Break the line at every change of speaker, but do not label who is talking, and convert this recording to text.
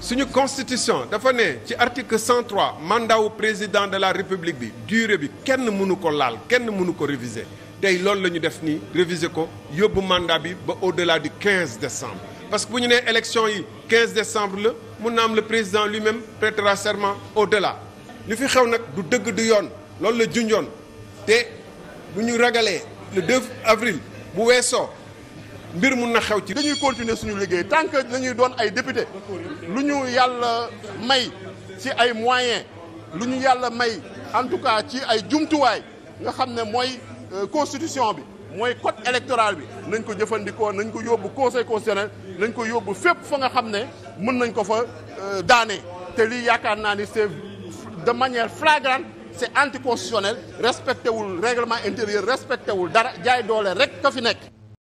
suñu constitution dafa ne ci article 103 mandat wu président de la république bi durée bi kenn mënu ko laal kenn mënu ko réviser tey loolu la ñu def nii réviser ko yóbbu mandat bi ba au-delà du 15 décembre. parce que bu ñu nee élection yi 15 décembre la mun na am le président lui-même prêtera serment au-delà li fi xew nag du dëgg du yoon loolu la junjoon te bu ñu ragalee le 2 avril
bu weesoo. mbir mun na xew ci dañuy continuer suñu liggéey tant que dañuy doon ay député lu ñu yàlla may ci ay moyens lu ñu yàlla may en tout cas ci ay jumtuwaay nga xam ne mooy euh, constitution bi mooy code électoral bi nañ ko jëfandikoo nañ ko yóbbu conseil constitutionnel nañ ko yóbbu fépp fa nga xam ne mën nañ ko fa euh, daanee te lii yaakaar naa ni c'est de manière flagrante c'est anticonstitutionnel respecté wul règlement intérieur respecté wul dara jaay doole rek ka fi
nekk